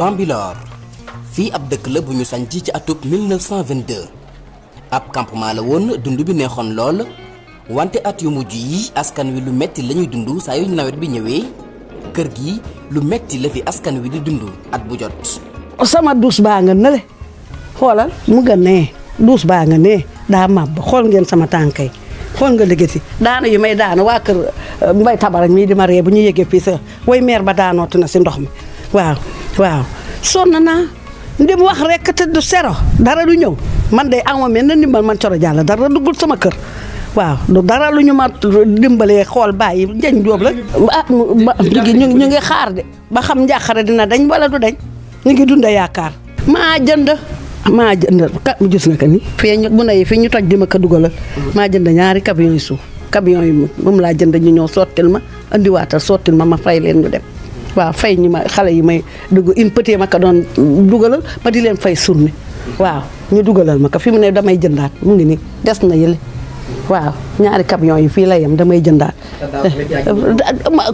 Bambilor fii ab dëkk la bu ñu sanc ci atub 1922 ab campement la woon dund bi neexoon lool wante at yu mujj yi askan wi lu metti la ñuy dund saa yu nawet bi ñëwee kër gi lu metti la fi askan wi di dund at bu jot. Oh, sama duus baa nga ne xoolal mu nga nee duus baa nga nee daa màbb xool ngeen sama tànkay xool nga liggéey daana yi may daana waa kër euh, mbay tabara mii di ma ree bu ñu yëgee fii sa way meer ba daanooti na si ndox mi waaw waaw na naa ndim wax rek te du sero dara du ñëw man de amoo mel na ndimbal man coro jàll dara duggul sama kër waaw du dara lu ñu ma dimbalee xool bàyyi njañ jóob la ah ñu ngi ñu ngi xaar ba xam njàqare dina dañ wala du dañ ñu ngi dunda yaakaar maa jënd maa jënd ka gis nga ka ni fii ñu bu ne fii ñu toj di ma ko dugalal maa jënd ñaari camion yi suuf camion yi moom laa jënd ñu ñëw sottil ma indiwaatal sottil ma ma fay leen du dem waaw fay ñi ma xale yi may dugg une petite ma ko doon dugalal ma di leen fay surne waaw ñu dugalal ma ko fi mu ne damay jëndaat mu ngi nii des na yële waaw ñaari camion yi fii lay yem damay jëndaat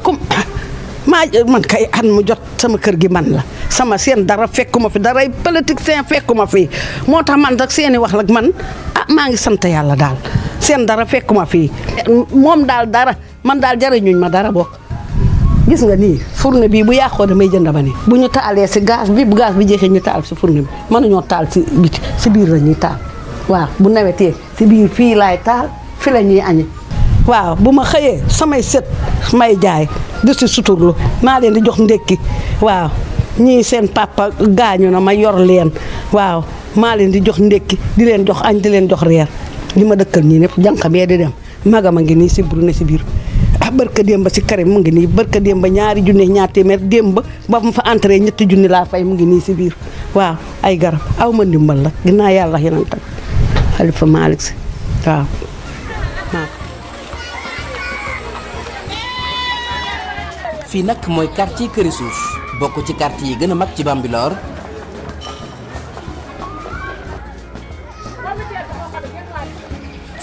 comme maa man kay an mu jot sama kër gi man la sama seen dara fekkuma fi daray politique seen fekkuma fii moo tax man rek seeni wax lak man ah maa ngi sant yàlla daal seen dara fekkuma fii moom daal dara man daal jariñuñ ma dara bokk gis nga nii furne bii bu yàqoo damay jënd ba ne bu ñu taalee si gaz bi bu gaz bi jeexee ñu taal si fourne bi mënuñoo taal si biti si biir la ñuy taal waaw bu nawetee si biir fii laay taal fi la ñuy añe waaw bu ma xëyee samay set may jaay di si suturlu maa leen di jox ndékki waaw ñii seen papa gaañu na ma yor leen waaw maa leen di jox ndékki di leen jox añ di leen jox reer li ma dëkkal ñii ñëpp jànq bee di dem magam a ngi nii si buru ne si biir barka démba si kare mu ngi nii barka démba ñaari junne ñaar téeméer démba ba mu fa entré ñetti junni laa fay mu ngi nii si biir waaw ay garab aw ndimbal la ginnaaw yàlla yeneen tam Xalifa Malick si waaw nag mooy quartier bokk ci quartier yi gën a mag ci Bambilor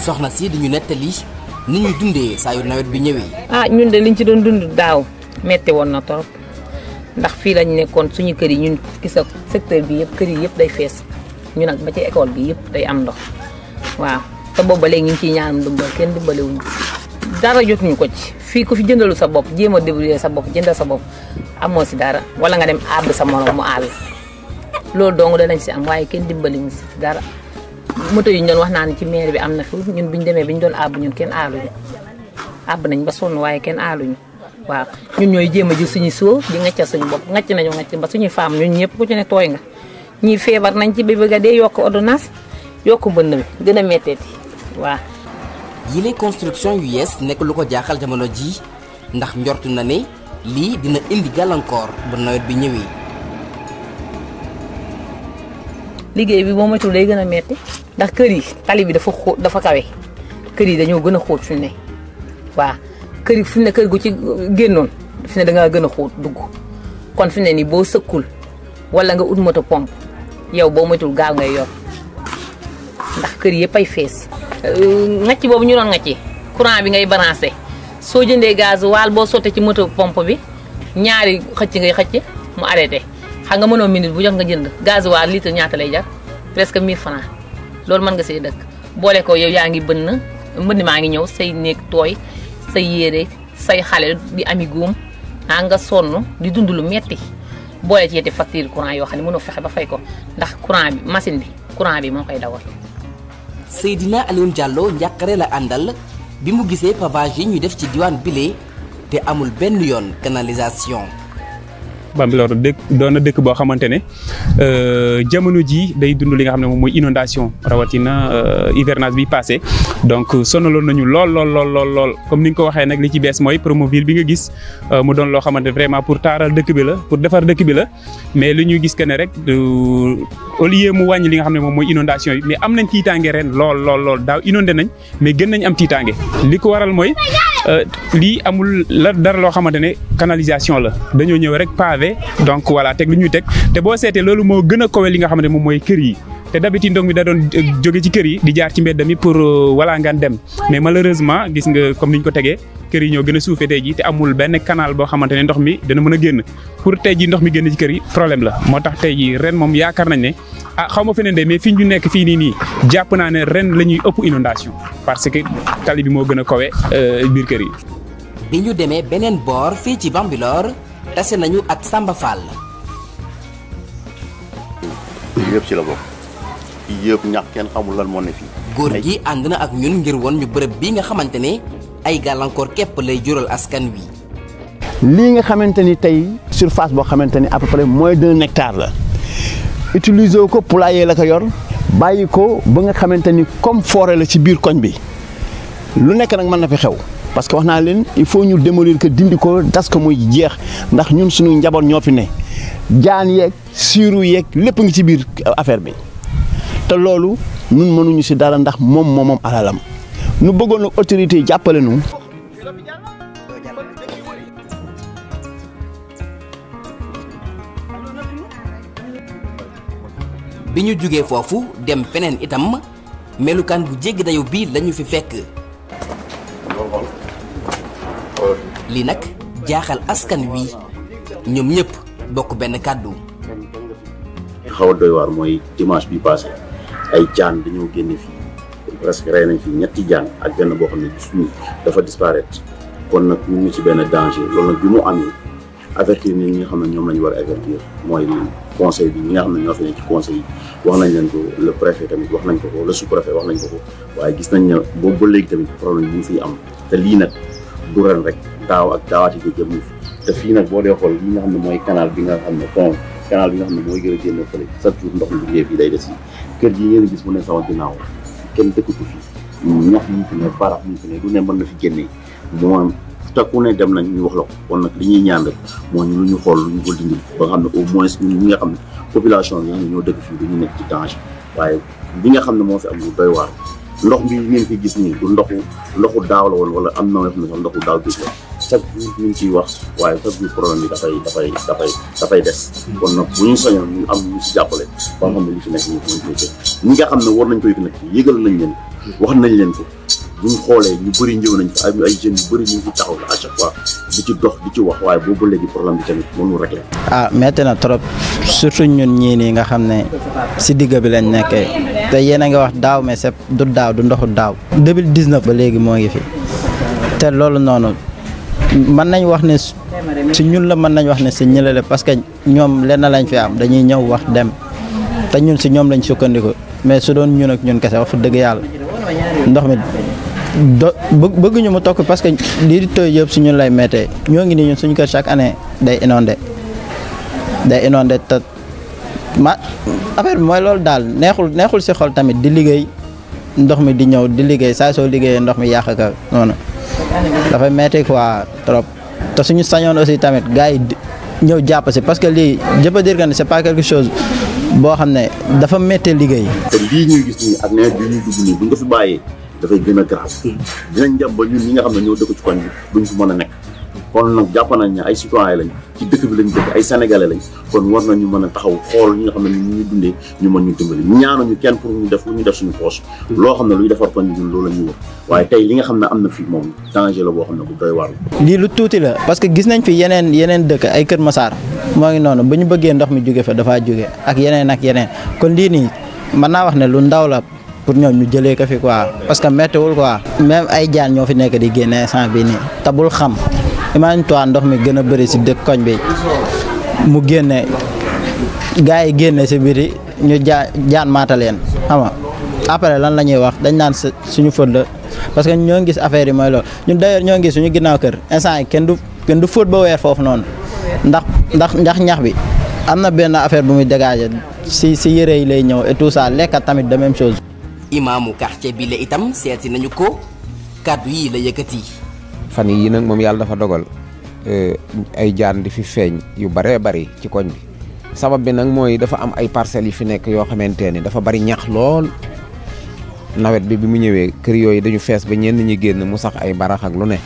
soxna si di ñu nettali ni ñuy dundee saa yu nawet bi ñëwee. ah ñun de liñ ci doon dund daaw metti woon na torop ndax fii lañ nekkoon suñu kër yi ñun gis ak secteur bi yëpp kër yi yëpp day fees ñu nag ba ci école bi yëpp day am ndox waaw te boobu léegi ñu ngi ciy ñaanam kenn dimbalewuñu dara jotuñu ko ci fii ku fi jëndalu sa bopp jéem a débrouiller sa bopp jëndal sa bopp amoo si dara wala nga dem àbb sa morom mu àll loolu dong danañ si am waaye kenn dimbaliwuñu si dara. moto yi ñu doon wax naa naan ci maire bi am na fi ñun bi ñu demee bi ñu doon àbb ñun kenn aaluñu àbb nañ ba sonn waaye kenn aaluñu waaw ñun ñooy jéem a jël suñu soo di ca suñu bopp ngacc nañu ngacc ba suñuy femme ñun ñëpp ku ci ne tooy nga ñii feebar nañ ci bi bëgg a dee yokk ordonnance yokk mbënd mi gën a métteeti waaw yile construction yu yees nekk lu ko jaaxal jamono ji ndax njortu na ni lii dina indi gàllankoor bu nawet bi ñëwee liggéey bi boo moytuwul day gën a metti ndax kër yi tali bi dafa xóot dafa kawe kër yi dañoo gën a xóot fi mu ne waaw kër yi fi mu gu ci génnoon fi dangaa gën a xóot dugg kon fi mu ne nii boo sëkkul wala nga ut moto pompe yow boo moytuwul gaal ngay yoon ndax kër yëpp ay fees. Euh, ŋàcc boobu ñu doon ŋàcc courant bi ngay balancé soo jëndee gaz waal boo sottee ci moto pompe bi ñaari xëcc ngay xëcc mu arrêté. ak nga mënoo minute bu jox nga jënd waa litre ñaata lay jar presque 1000 francs loolu mën nga see dëkk boole ko yow yaa ngi bënn mbënn maa ngi ñëw say néeg tooy say yére say xale di ami góom ah nga sonn di dund lu metti boole ci yetti facture courant yoo xam ne mënoo fexe ba fay ko ndax courant bi machine bi courant bi moo koy dawal. dina Alioune Diallo njàqare la àndal bi mu gisee pavage yi ñu def ci diwaan bile te amul benn yoon canalisation. Bambilor dëkk doon na dëkk boo xamante ne euh, jamono ji day dund li nga xam ne moom mooy inondation rawatina euh, hivernage bi passé donc euh, sonaloon nañu lool lool lool lool lool comme ni nga ko waxee nag li ci bees mooy Promoville bi nga gis mu doon loo xamante vraiment pour taaral dëkk bi la pour defar dëkk bi la mais li ñu gis que ne rek au lieu mu wàññi li nga xam ne moom mooy inondation yi mais am nañ tiitaange ren lool lool lool daaw inondé nañ mais gën nañ am tiitaange li ko Euh, lii amul la dara loo xamante ne canalisation la dañoo ñëw rek pavé donc voilà teg lu ñuy teg te boo seetee loolu moo gën a kawe li nga xamante ne moom mooy kër yi. te d'habitude ndox mi da doon euh, jóge ci kër yi di jaar ci mbedd mi pour wala euh, ngan dem mais malheureusement gis nga comme ni ñu ko tegee kër yi ñoo gën suufee tey jii te amul benn kanal boo xamante ne ndox mi dana mën a génn pour tey jii ndox mi génn ci kër yi problème la moo tax tey jii ren moom yaakaar nañ ne. ah xaw ma feneen de mais fi ñu nekk fii nii nii jàpp naa ne ren la ñuy ëpp inondation parce que tali bi moo gën a kawe euh, biir kër yi. bi ñu demee beneen boor fii ci Bambilor tase nañu ak sàmba Fall. ci la bokk yëpp ñax kenn xamul góor gi ànd na ak ñun ngir won ñu bërëb bi nga xamante ne ay gàllankoor képp lay jural askan wi. lii nga xamante ni tey surface boo xamante ni à peu près moins la. utiliser ko poulailler la ko yor bàyyi ko ba nga xamante ni comme forêt la ci biir koñ bi lu nekk nag mën na fi xew parce que wax naa leen il faut ñu démolir ko dindi ko das ko muy jeex ndax ñun suñu njaboot ñoo fi ne jaan yeeg siiru yeeg lépp ngi ci biir affaire bi te loolu ñun mënuñu si dara ndax moom moom alalam nu bëggoon nag autorité jàppale nu bi ñu jógee foofu dem feneen itam melukaan bu jéggi dayu bi lañu fi fekk li nag jaaxal askan wi ñoom ñëpp bokk benn kàddu xaw a doy waar mooy dimanche bi passé ay jaan dañoo génne fii presque rey nañ fi ñetti jaan ak benn boo xam ne gis dafa disparaître kon ñu ngi ci benn danger loolu nag bi mu amee avertir nit ñi nga xam ne ñoom la ñu war a avertir mooy conseil bi ñi nga xam ne ñoo fi ne ci conseil wax nañ leen ko le préfet tamit wax nañ ko ko le sous préfet wax nañ ko ko waaye gis nañ ne boobu ba léegi tamit problème yi ñu fi am te lii nag du ren rek daaw ak daawaati bi jëm ñu te fii nag boo dee xool li nga xam ne mooy canal bi nga xam ne pont canal bi nga xam ne mooy gën a fële chaque jour ndox mi duggee fii day des yi kër gi ngeen gis mu ne sama ginnaaw kenn dëkkatu fi ñax ñu fi ne barax ñu fi ne lu ne mën na takku ne dem nañ ñu wax la ko kon nag li ñuy ñaan moo ñu lu ñu xool lu ñu ko dindil ba xam ne au moins ñun ñi population ñoo dëkk fii du ñu nekk ci danger waaye li nga xam ne moo fi am lu doy waar ndox bi ngeen fi gis nii du ndoxu ndoxu daaw la woon wala am na xam ne sax ndoxu daaw gis la chaque jour ñu ngi ciy wax waaye chaque jour problème bi dafay dafay dafay dafay des kon nag bu ñu soñoon ñu am ñu si jàppale ba nga xam ne li fi nekk ñu mën cee ñi nga xam ne war nañ koy fi nekk yëgal nañ leen wax nañ leen ko bu ñu xoolee nañ fa ay jeunes yu bëri ñu ngi taxaw ah, na trop surtout ñun ñii nii nga xam ne si digg bi leen nekkee te yéen a nga wax daaw mais c'est du daaw du ndoxu daaw. 2019 ba léegi moo ngi fi te loolu noonu mën nañ wax ne si ñun la mën nañ wax ne si ñëlale parce que ñoom lenn lañ fi am dañuy ñëw wax dem te ñun si ñoom lañ sukkandiku mais su doon ñun ak ñun kese wax dëgg yàlla ndox mi. do bëgguñu mu tokk parce que lii tëj yëpp si ñun lay méttee ñoo ngi nii ñu suñu kër chaque année day inondé day inondé te ma affaire mooy loolu daal neexul neexul si xol tamit di liggéey ndox mi di ñëw di liggéey saa soo liggéeyee ndox mi yàq ka noonu dafay métti quoi trop te suñu sañoon aussi tamit gars yi ñëw jàpp si parce que lii je peux dire que pas quelque chose boo xam ne dafa méttee liggéey. dafay gën a grave mm. dinañ dem ba ñun ñi nga xam ne ñoo dëkk ci koñ bi duñ fi mën a nekk kon nag jàpp nañ ay citoyen lañ ci dëkk bi lañ dëkk ay sénégalais lañ kon war nañu mën a taxaw xool ñi nga xam ne ñu dundee ñu mën ñu dimbali ñaanuñu kenn pour ñu def lu ñu def suñu poche mm. loo xam ne luy defar koñ bi ñun loolu la lii lu tuuti la parce que gis nañ fi yeneen dëkk ay Kër Massar moo ngi noonu ba ñu bëggee ndox mi jóge fa dafaa jóge ak yeneen ak yeneen pour ñoom ñu jëlee ko fi quoi parce que méttiwul quoi. même ay jaan ñoo fi nekk di génne sang bi nii te bul xam imagine toi ndox mi gën a bëri si dëkk koñ bi mu génne gars yi génne si biir ñu jaa jaan maata leen xam nga après lan la ñuy wax dañ naan suñu fët la parce que ñoo ngi gis affaire yi mooy loolu ñun d'ailleurs ñoo ngi suñu ginnaaw kër instant yi kenn du kenn du fóot ba weer foofu noonu ndax ndax ndax ñax bi am na benn affaire bu muy dégager si si yére yi lay ñëw et tout ça lekkat tamit de même chose. imaamu quartier bi la itam seeti nañu ko kàddu yii la yëkkati. fan yi nag moom yàlla dafa dogal eh, ay jaan di fi feeñ yu baree bari ci koñ bi sabab bi nag mooy dafa am ay parcelles yu fi nekk yoo xamante ne dafa bari ñax lool nawet bi bi mu ñëwee kër yooyu dañu fees ba ñenn ñi génn mu sax ay baraxak lu ne.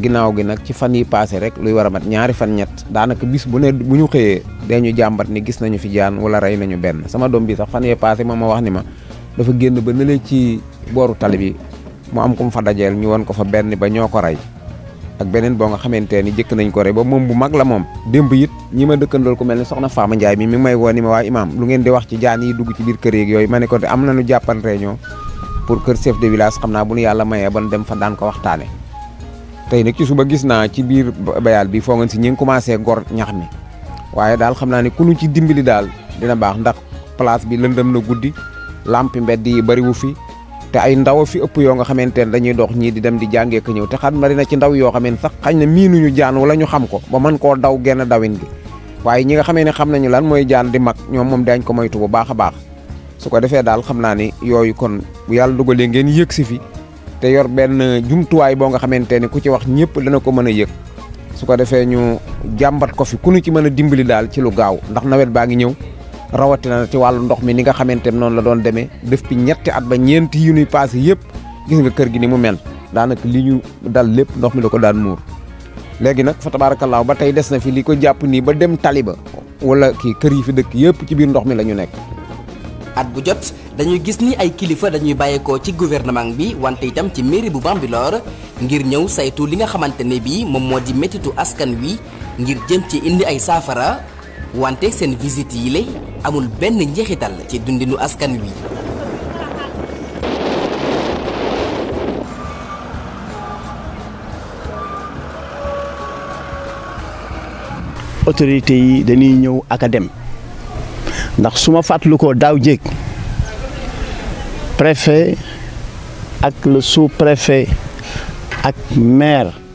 ginnaaw gi nag ci fan yi paase rek luy war a mat ñaari fan ñett daanaka bis bu ne bu ñu xëyee dañu jàmbat ni gis nañu fi jaan wala rey nañu benn sama doom bi sax fan yee paase moom ma wax ni ma dafa génn ba nële ci booru tali bi mu am ku mu fa dajeel ñu won ko fa benn ba ñoo ko rey ak beneen boo nga xamante ni jëkk nañ ko rey ba moom bu mag la moom démb it ñi ma dëkkandool ku mel ne soxna Faama Njaay mi mi ngi may woo ni ma waa imaam lu ngeen di wax ci jaan yi dugg ci biir kër yeeg ma ne ko am nañu jàppan réunion pour kër chef de village xam naa bu nu yàlla mayee ban dem fa daan ko waxtaane tey nag ci suba gis naa ci biir bayal bi foo ngeen si ñi ngi commencé gor ñax mi waaye daal xam naa ne ku ci dimbali daal dina baax ndax place bi lëndëm na guddi lampi mbedd yi bariwu fi te ay ndaw fi ëpp yoo nga xamante ne dañuy dox ñii di dem di jàngee ko ñëw te xam bari na ci ndaw yoo xamante sax xañ na miinuñu jaan wala ñu xam ko ba man koo daw genn dawin gi waaye ñi nga xamee ne xam nañu lan mooy jaan di mag ñoom moom dañ ko moytu bu baax a baax su ko defee daal xam naa ni yooyu kon bu dugo dugalee ngeen yëg si fi te yor benn jumtuwaay boo nga xamante ni ku ci wax ñëpp dana ko mën a yëg su ko defee ñu jàmbat ko fi ku nu ci mën a dimbali daal ci lu gaaw ndax nawet baa ngi ñëw rawatina ci wàllu ndox mi ni nga xamante ne noonu la doon demee def fi ñetti at ba ñeent yu ñuy passé yëpp gis nga kër gi ni mu mel daanaka li ñu dal lépp ndox mi la ko daan muur. léegi nag fa tabaarakallaahu ba tey des na fi li ko jàpp nii ba dem taliba wala kii kër yi fi dëkk yëpp ci biir ndox mi la ñu nekk. at bu jot dañuy gis ni ay kilifa dañuy bàyyeekoo ci gouvernement bi wante itam ci mairie bu Bambilor ngir ñëw saytu li nga xamante ne bii moom moo di métitu askan wi ngir jëm ci indi ay saafara. wante seen visite yi lay amul benn njeexital ci dundinu askan wi. autorité yi dañuy ñëw ak a dem ndax su fàttalikoo daaw jéeg préfet ak le ak maire.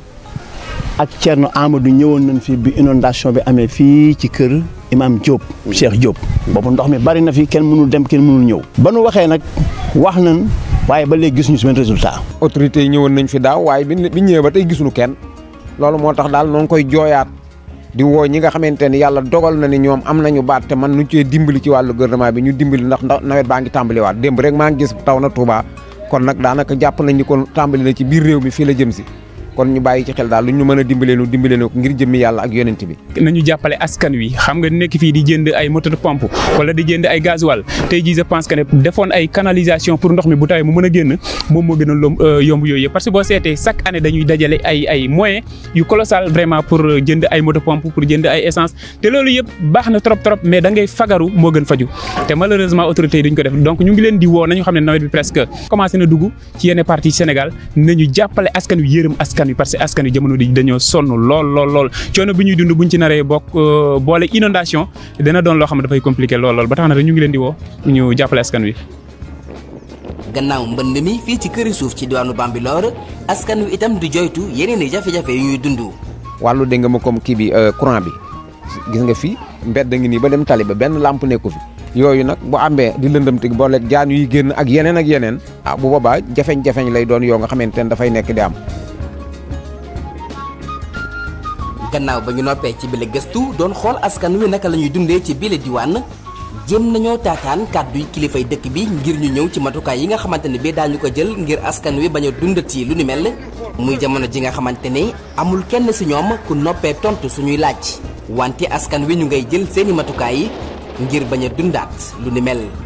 ak Thierno Amadou ñëwoon nañu fi bi inondation bi amee fii ci kër Imam Diop Cheikh Diop boobu ndox mi bari na fi kenn mënul dem kenn mënul ñëw ba nu waxee nag wax nañ waaye ba léegi gisuñu si benn résultat autorité yi ñëwoon nañ fi daaw waaye bi bi ñëwee ba tey gisuñu kenn loolu moo tax daal noonu koy jooyaat di woo ñi nga xamante ne yàlla dogal na ni ñoom am nañu baat te man nu cee dimbali ci wàllu gouvernement bi ñu dimbali ndax nawet baa ngi tàmbaliwaat démb rek maa ngi gis taw na Touba kon nag daanaka jàpp nañ ni kon tàmbali na ci biir réew mi fii la jëm si kon ñu bàyyi ci xel daal lu ñu mën a dimbalee nu dimbalee nu ngir jëmmi yàlla ak yonent bi nañu jàppale askan wi xam nga nekk fii di jënd ay moto de pour jënd ay essence te loolu yëpp baax na trop trop mais da fagaru moo gën faju te malheureusement autorités duñ ko def donc ñu ngi leen di woo nañu xam ne nawet bi presque commencé na dugg ci yenn partie Sénégal nañu jàppale askan wi yërëm askan askan wi parce que askan wi jamono di dañoo sonn lool lool lool coono bi ñuy dund buñ ci naree bokk euh, boole inondation dana doon loo xam ne dafay compliqué lool lool ba tax na ñu ngi leen di woo ñu jàppale askan wi. gannaaw mbënd mi fii ci këri suuf ci diwaanu Bambilor askan wi itam du joytu yeneen yi jafe-jafe yu ñuy dund. wàllu dégg nga ma comme kii bi euh, courant bi gis nga fi mbedd ngi nii ba dem tali ba benn lampe nekku fi. yooyu nag bu àmbee di lëndëmtig booleeg jaan yuy génn ak yeneen ak yeneen ah bu boobaa jafeñ-jafeñ lay doon yoo nga xamante ne dafay nekk di am gannaaw ba ñu noppee ci bile gestu doon xool askan wi naka la ñuy dundee ci bile diwaan jéem nañoo taataan kàdduy kilifay dëkk bi ngir ñu ñëw ci matukaay yi nga xamante ne bii daañu ko jël ngir askan wi bañ a dundati lu ni mel muy jamono ji nga xamante ne amul kenn si ñoom ku noppee tontu suñuy laaj wante askan wi ñu ngay jël seeni matukaay ngir bañ a dundaat lu ni mel.